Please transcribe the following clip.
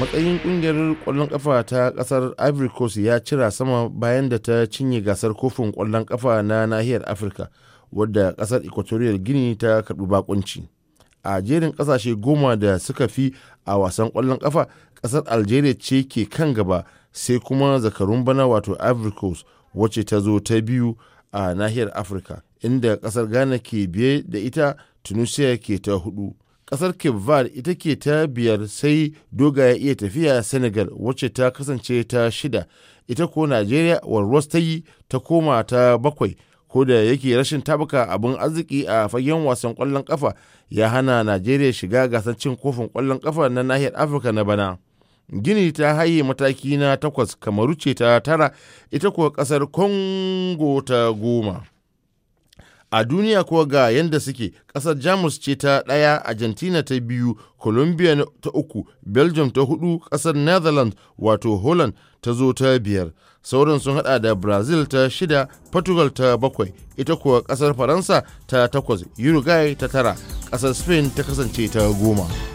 matsayin kungiyar kwallon kafa ta kasar ivory coast ya cira sama bayan da ta cinye gasar kofin kwallon kafa na nahiyar afirka wadda kasar equatorial gini ta karbi bakunci a jerin kasashe goma da suka fi a wasan kwallon kafa kasar algeria ce ke kan gaba sai kuma zakarun bana wato ivory coast wacce ta zo ta biyu a nahiyar afirka inda kasar ghana ke biye da ita tunisia ke ta hudu kasar cape verde ita ke ta biyar sai doga ya iya tafiya senegal wacce ta kasance ta shida ita ko najeriya warwas ta yi ta koma ta bakwai ko da yake rashin taɓaka abin arziki a fagen wasan kwallon kafa ya hana najeriya shiga gasar cin kofin kwallon kafa na nahiyar afirka na bana gini ta haye mataki na takwas kamaru ce ta tara ita kuwa kasar congo ta goma a duniya kuwa ga yadda suke ƙasar jamus ce ta ɗaya argentina ta biyu colombia ta uku belgium ta hudu ƙasar netherlands wato holland ta zo ta biyar sauran sun hada da brazil ta shida portugal ta bakwai ita kuwa ƙasar faransa ta takwas uruguay ta tara ƙasar spain ta kasance ta goma.